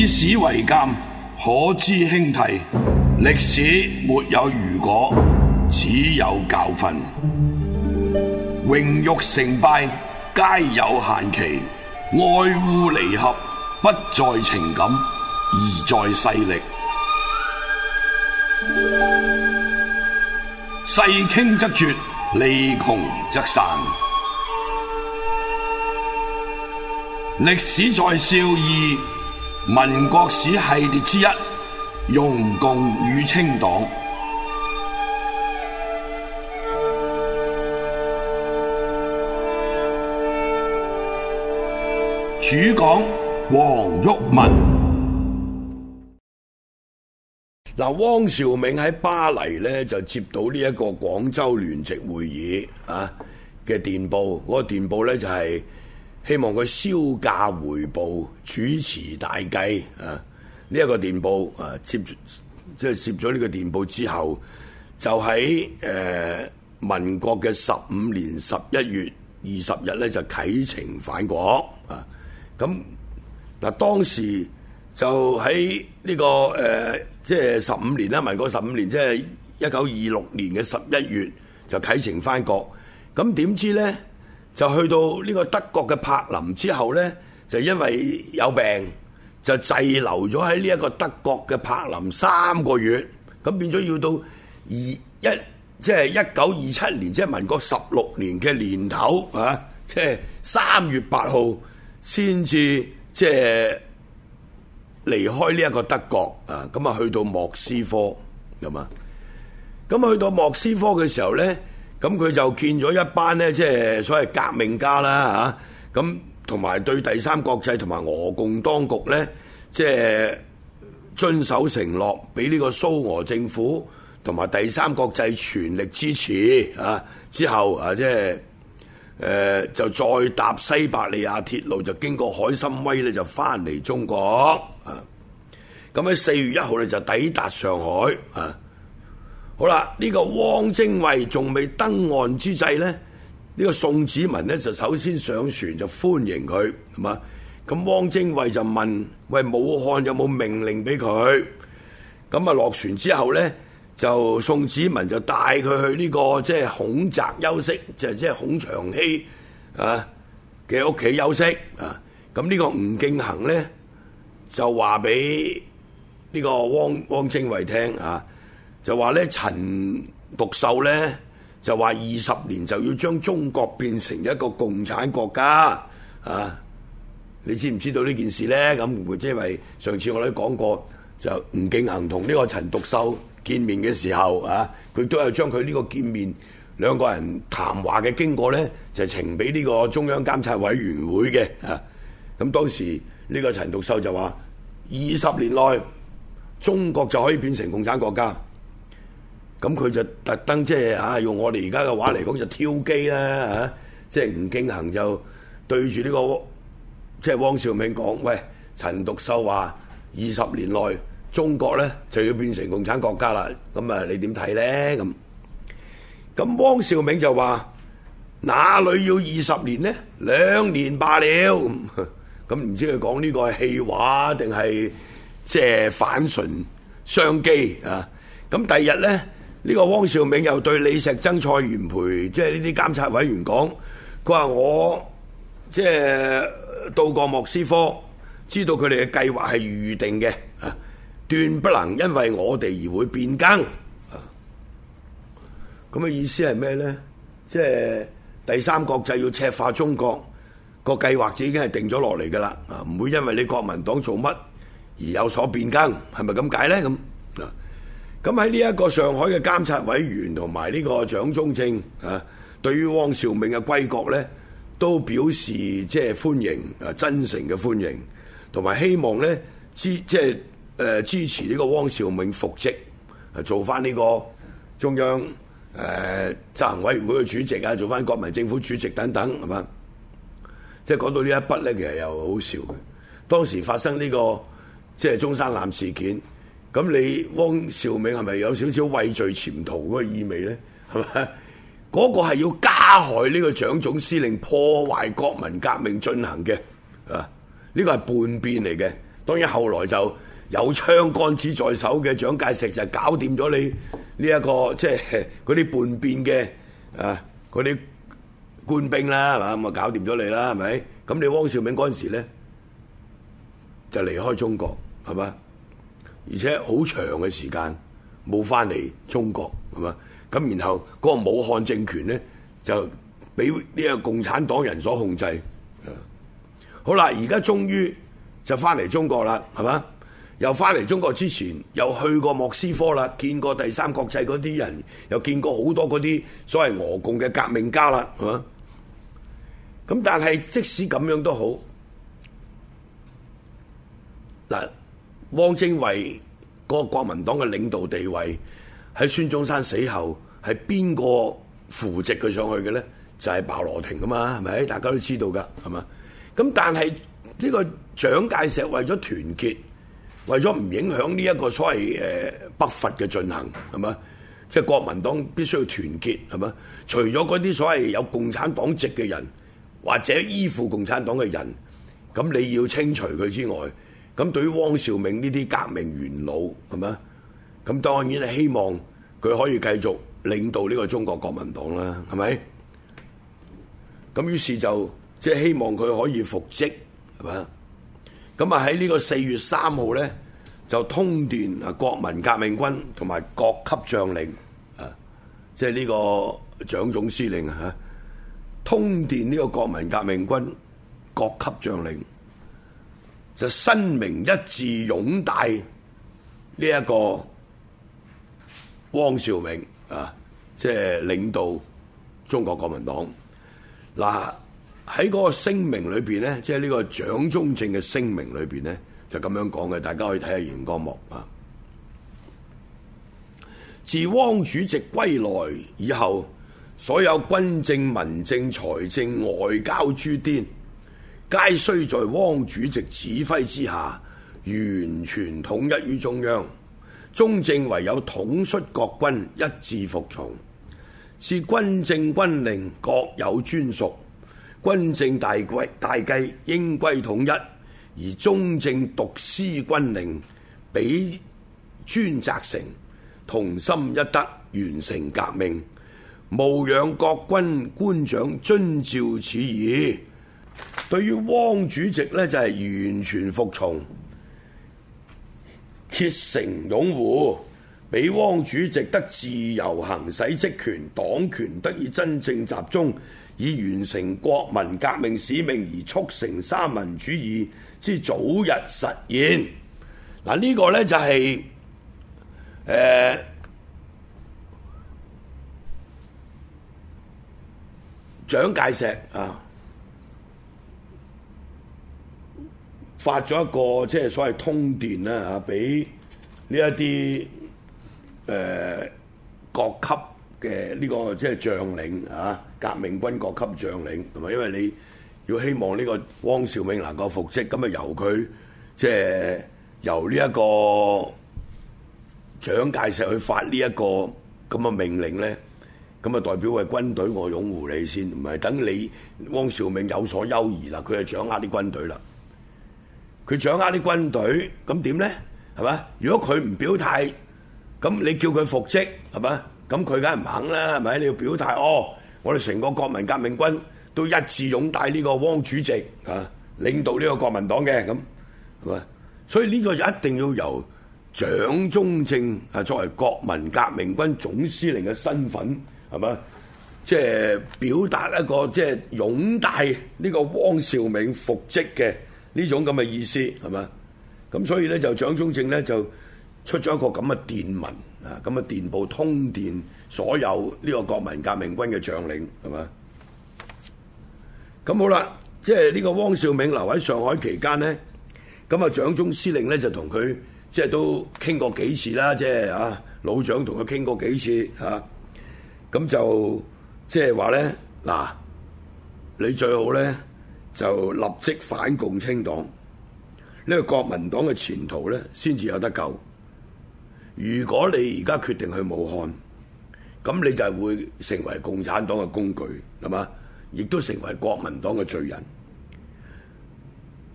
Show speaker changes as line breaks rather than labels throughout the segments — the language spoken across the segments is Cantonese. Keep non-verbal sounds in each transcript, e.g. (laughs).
以史為鑒，可知興替。歷史沒有如果，只有教訓。榮辱成敗皆有限期，愛護離合不在情感，而在勢力。世傾則絕，利窮則散。歷史在笑貳。民國史系列之一，容共與清黨，主講黃毓民。嗱，汪兆銘喺巴黎咧就接到呢一個廣州聯席會議啊嘅電報，嗰、那個電報咧就係、是。希望佢銷假回報主持大計啊！呢、這、一個電報啊，接即係、就是、接咗呢個電報之後，就喺誒、呃、民國嘅十五年十一月二十日咧，就啓程返國啊！咁、啊、嗱、啊，當時就喺呢、這個誒，即係十五年啦，民國十五年，即係一九二六年嘅十一月就啓程返國。咁、啊、點知咧？就去到呢個德國嘅柏林之後呢，就因為有病，就滯留咗喺呢一個德國嘅柏林三個月，咁變咗要到二一即係一九二七年，即係民國十六年嘅年頭啊，即係三月八號先至即係離開呢一個德國啊，咁啊去到莫斯科咁啊，咁去到莫斯科嘅時候呢。咁佢就見咗一班咧，即係所謂革命家啦嚇。咁同埋對第三國際同埋俄共當局咧，即係遵守承諾，俾呢個蘇俄政府同埋第三國際全力支持啊。之後啊，即係誒就再搭西伯利亞鐵路，就經過海參崴咧，就翻嚟中國啊。咁喺四月一號咧，就抵達上海啊。好啦，呢、這個汪精衛仲未登岸之際咧，呢、這個宋子文咧就首先上船就歡迎佢，係嘛？咁、嗯、汪精衛就問：喂，武漢有冇命令俾佢？咁啊落船之後咧，就宋子文就帶佢去呢、這個即係孔宅休息，就即係孔祥熙啊嘅屋企休息啊。咁、嗯、呢、這個吳敬恒咧就話俾呢個汪汪精衛聽啊。就話咧，陳獨秀咧就話二十年就要將中國變成一個共產國家啊！你知唔知道呢件事咧？咁會唔會？即係上次我哋講過，就吳敬恒同呢個陳獨秀見面嘅時候啊，佢都有將佢呢個見面兩個人談話嘅經過咧，就呈俾呢個中央監察委員會嘅啊。咁當時呢個陳獨秀就話：二十年內中國就可以變成共產國家。咁佢就特登即係嚇用我哋而家嘅話嚟講就挑機啦嚇、啊，即係吳敬恆就對住呢、這個即係汪兆銘講：喂，陳獨秀話二十年內中國咧就要變成共產國家啦，咁啊你點睇咧？咁，咁汪兆銘就話：哪裏要二十年呢？兩年罷了。咁 (laughs) 唔、嗯、知佢講呢個係戲話定係即係反唇相譏啊？咁第二日咧？呢個汪兆銘又對李石曾、蔡元培，即係呢啲監察委員講，佢話我即係到過莫斯科，知道佢哋嘅計劃係預定嘅、啊，斷不能因為我哋而會變更。咁、啊、嘅、這個、意思係咩咧？即係第三國際要赤化中國、這個計劃就已經係定咗落嚟噶啦，唔、啊、會因為你國民黨做乜而有所變更，係咪咁解咧？咁、啊？咁喺呢一個上海嘅監察委員同埋呢個蔣中正啊，對於汪兆銘嘅歸國咧，都表示即係歡迎啊，真誠嘅歡迎，同埋希望咧支即係誒支持呢個汪兆銘復職，做翻呢個中央誒、呃、執行委員會嘅主席啊，做翻國民政府主席等等，係嘛？即、就、係、是、講到呢一筆咧，其實又好笑嘅。當時發生呢、這個即係、就是、中山艦事件。咁你汪兆銘係咪有少少畏罪潛逃嗰個意味咧？係嘛？嗰、那個係要加害呢個蔣總司令、破壞國民革命進行嘅啊？呢、這個係叛變嚟嘅。當然後來就有槍桿子在手嘅蔣介石就搞掂咗你呢、這、一個即係嗰啲叛變嘅啊嗰啲官兵啦，咁啊搞掂咗你啦，係咪？咁你汪兆銘嗰陣時咧就離開中國，係嘛？而且好長嘅時間冇翻嚟中國，係嘛？咁然後嗰個武漢政權咧就俾呢個共產黨人所控制。好啦，而家終於就翻嚟中國啦，係嘛？又翻嚟中國之前又去過莫斯科啦，見過第三國際嗰啲人，又見過好多嗰啲所謂俄共嘅革命家啦，係嘛？咁但係即使咁樣都好嗱。汪精衛，那個國民黨嘅領導地位喺孫中山死後係邊個扶植佢上去嘅咧？就係鮑羅廷噶嘛，係咪？大家都知道噶，係嘛？咁但係呢，這個蔣介石為咗團結，為咗唔影響呢一個所謂誒、呃、北伐嘅進行，係嘛？即、就、係、是、國民黨必須要團結，係嘛？除咗嗰啲所謂有共產黨籍嘅人或者依附共產黨嘅人，咁你要清除佢之外。咁對於汪兆銘呢啲革命元老，係咪？咁當然係希望佢可以繼續領導呢個中國國民黨啦，係咪？咁於是就即係希望佢可以復職，係咪？咁啊喺呢個四月三號咧，就通電啊國民革命軍同埋各級將領啊，即係呢個蔣總司令嚇，通電呢個國民革命軍各級將領。就聲明一致擁戴呢一個汪兆銘啊，即係領導中國國民黨。嗱喺嗰個聲明裏邊咧，即係呢個蔣中正嘅聲明裏邊咧，就咁樣講嘅，大家可以睇下原光幕啊。自汪主席歸來以後，所有軍政、民政、財政、外交諸端。皆須在汪主席指揮之下，完全統一於中央。中正唯有統率國軍，一致服從。是軍政軍令各有專屬，軍政大規大計應歸統一，而中正獨司軍令，俾專責成，同心一德，完成革命，毋仰國軍官長遵照此意。對於汪主席咧，就係、是、完全服從，竭誠擁護，俾汪主席得自由行使職權，黨權得以真正集中，以完成國民革命使命，而促成三民主義之早日實現。嗱、這個就是，呢個呢就係誒蔣介石啊！發咗一個即係所謂通電啦嚇，俾呢一啲誒各級嘅呢、這個即係將領嚇、啊、革命軍各級將領，同埋因為你要希望呢個汪兆銘能夠復職，咁啊由佢即係由呢一個蔣介石去發呢一個咁嘅命令咧，咁啊代表嘅軍隊我擁護你先，唔係等你汪兆銘有所優異啦，佢就掌握啲軍隊啦。佢掌握啲軍隊，咁點咧？係嘛？如果佢唔表態，咁你叫佢復職係嘛？咁佢梗係唔肯啦，係咪？你要表態哦，我哋成個國民革命軍都一致擁戴呢個汪主席嚇領導呢個國民黨嘅咁，係嘛？所以呢個就一定要由蔣中正啊作為國民革命軍總司令嘅身份係嘛，即係、就是、表達一個即係、就是、擁戴呢個汪兆銘復職嘅。呢種咁嘅意思係嘛？咁所以咧就蔣中正咧就出咗一個咁嘅電文啊，咁嘅電報通電所有呢個國民革命軍嘅將領係嘛？咁好啦，即係呢個汪兆銘留喺上海期間咧，咁啊蔣中司令咧就同佢即係都傾過幾次啦，即係啊老蔣同佢傾過幾次嚇，咁、啊、就即係話咧嗱，你最好咧。就立即反共清黨，呢個國民黨嘅前途咧，先至有得救。如果你而家決定去武漢，咁你就係會成為共產黨嘅工具，係嘛？亦都成為國民黨嘅罪人。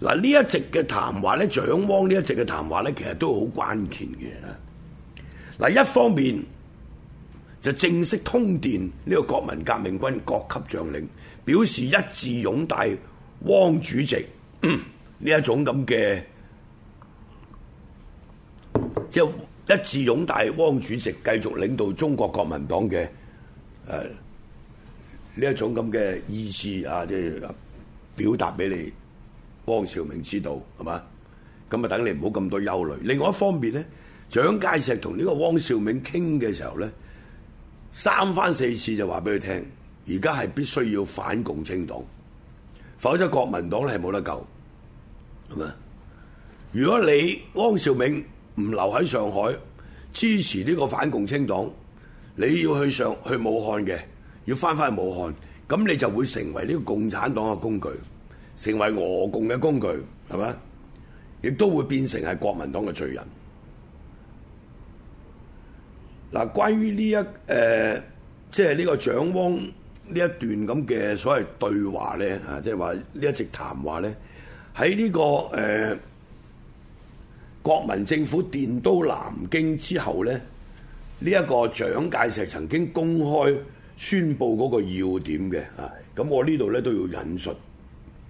嗱、啊，呢一席嘅談話咧，蔣汪呢一席嘅談話咧，其實都好關鍵嘅。嗱、啊，一方面就正式通電呢個國民革命軍各級將領，表示一致擁戴。汪主席呢一種咁嘅，即係一致擁戴汪主席繼續領導中國國民黨嘅誒呢一種咁嘅意思啊，即係表達俾你汪兆銘知道係嘛？咁啊，等你唔好咁多憂慮。另外一方面咧，蔣介石同呢個汪兆銘傾嘅時候咧，三番四次就話俾佢聽，而家係必須要反共清黨。否則，國民黨咧係冇得救，係咪？如果你汪兆銘唔留喺上海，支持呢個反共清黨，你要去上去武漢嘅，要翻返去武漢，咁你就會成為呢個共產黨嘅工具，成為俄共嘅工具，係咪？亦都會變成係國民黨嘅罪人。嗱、啊，關於呢一誒、呃，即係呢個蔣汪。呢一段咁嘅所謂對話咧，啊，即係話呢一席談話咧，喺呢、這個誒、呃、國民政府奠都南京之後咧，呢、這、一個蔣介石曾經公開宣布嗰個要點嘅，啊，咁我呢度咧都要引述，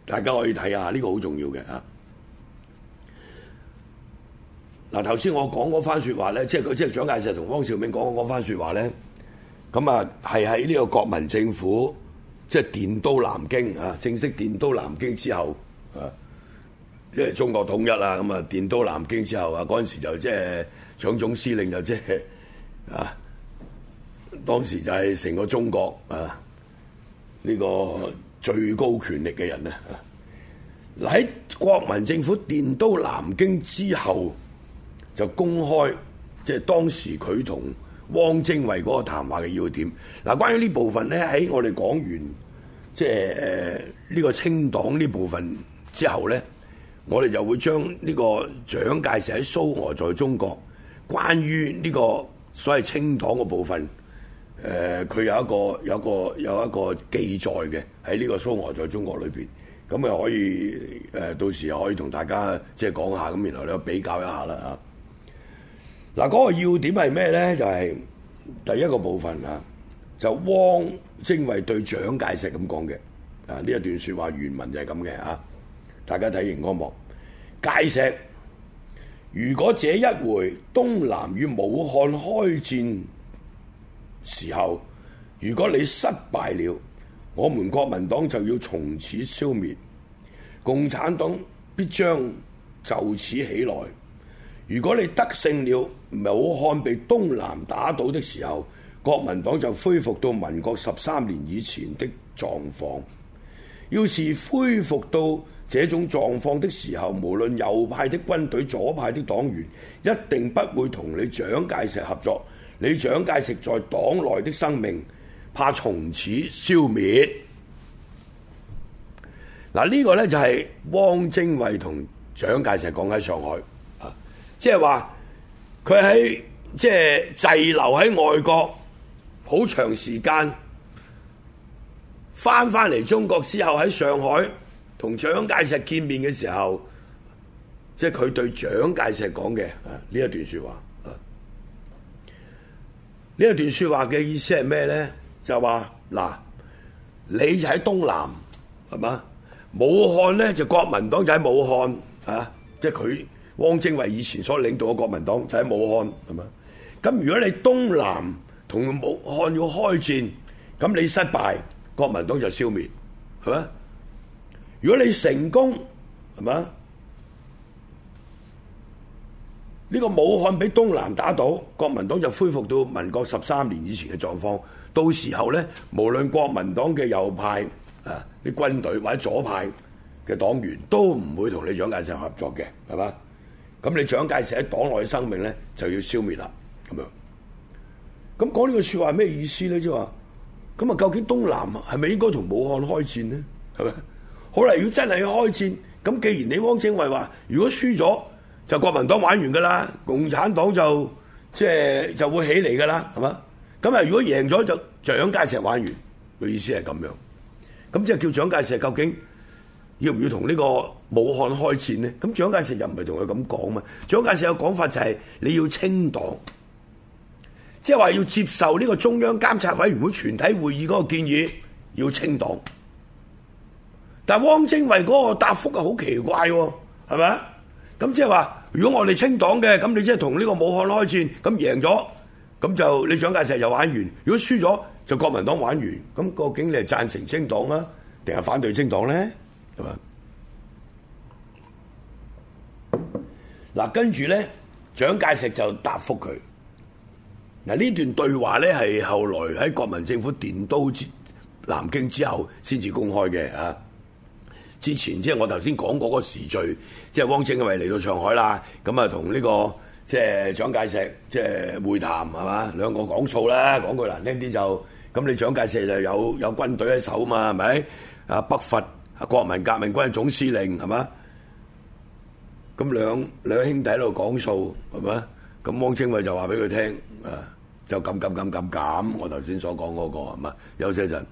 大家可以睇下，呢、這個好重要嘅，啊，嗱，頭先我講嗰番説話咧，即係佢即係蔣介石同汪兆銘講嘅嗰番説話咧。咁啊，係喺呢個國民政府，即係奠都南京啊！正式奠都南京之後，誒、啊，即、就、係、是、中國統一啦。咁啊，奠都南京之後啊，嗰陣時就即係蔣總司令就即係啊，當時就係成個中國啊，呢、這個最高權力嘅人啊。嗱喺國民政府奠都南京之後，就公開即係當時佢同。汪精衛嗰個談話嘅要點，嗱、啊，關於呢部分咧，喺我哋講完即係誒呢個清黨呢部分之後咧，我哋就會將呢個蔣介石喺蘇俄在中國關於呢個所謂清黨嘅部分，誒、呃，佢有一個有一個有一個記載嘅喺呢個蘇俄在中國裏邊，咁啊可以誒、呃、到時可以同大家即係講下，咁然後你比較一下啦嚇。嗱，嗰個要點係咩咧？就係、是、第一個部分啊，就汪精衛對蔣介石咁講嘅啊，呢一段說話原文就係咁嘅吓，大家睇熒光幕。介石，如果這一回東南與武漢開戰時候，如果你失敗了，我們國民黨就要從此消滅，共產黨必將就此起來，如果你得勝了，武漢被東南打倒的時候，國民黨就恢復到民國十三年以前的狀況。要是恢復到這種狀況的時候，無論右派的軍隊、左派的黨員，一定不會同你蔣介石合作。你蔣介石在黨內的生命，怕從此消滅。嗱，呢個呢就係汪精衛同蔣介石講喺上海，啊，即係話。佢喺即係滯留喺外國好長時間，翻翻嚟中國之後喺上海同蔣介石見面嘅時候，即係佢對蔣介石講嘅呢一段説話。啊，呢一段説話嘅意思係咩咧？就話嗱，你就喺東南係嘛？武漢咧就國民黨就喺武漢啊，即係佢。汪精衛以前所領導嘅國民黨就喺、是、武漢，係嘛？咁如果你東南同武漢要開戰，咁你失敗，國民黨就消滅，係嘛？如果你成功，係嘛？呢、這個武漢俾東南打倒，國民黨就恢復到民國十三年以前嘅狀況。到時候咧，無論國民黨嘅右派啊，啲軍隊或者左派嘅黨員都唔會同你蔣介石合作嘅，係嘛？咁你蔣介石喺黨內嘅生命咧就要消滅啦，咁樣。咁講呢個說話係咩意思咧？即係話，咁啊究竟東南係咪應該同武漢開戰呢？係咪？好啦，如果真係要開戰，咁既然你汪精衛話，如果輸咗就國民黨玩完噶啦，共產黨就即係、就是、就會起嚟噶啦，係嘛？咁啊如果贏咗就蔣介石玩完，個意思係咁樣。咁即係叫蔣介石究竟，要唔要同呢個武漢開戰呢？咁蔣介石就唔係同佢咁講嘛。蔣介石有講法就係，你要清黨，即係話要接受呢個中央監察委員會全體會議嗰個建議，要清黨。但汪精衛嗰個答覆啊，好奇怪喎，係咪啊？咁即係話，如果我哋清黨嘅，咁你即係同呢個武漢開戰，咁贏咗，咁就你蔣介石又玩完；如果輸咗，就國民黨玩完。咁究竟你係贊成清黨啊，定係反對清黨咧？係嘛？嗱，跟住咧，蔣介石就答復佢。嗱，呢段對話咧，係後來喺國民政府奠都南京之後先至公開嘅啊。之前即係、就是、我頭先講過個時序，即係汪精衛嚟到上海啦，咁啊同呢個即係蔣介石即係、就是、會談係嘛，兩個講數啦，講句難聽啲就咁。你蔣介石就有有軍隊喺手啊嘛，係咪啊北伐？啊！國民革命軍總司令係嘛？咁兩兩兄弟喺度講數係嘛？咁汪精衛就話俾佢聽，誒就噉噉噉噉噉，我頭先所講嗰個係嘛？有些人。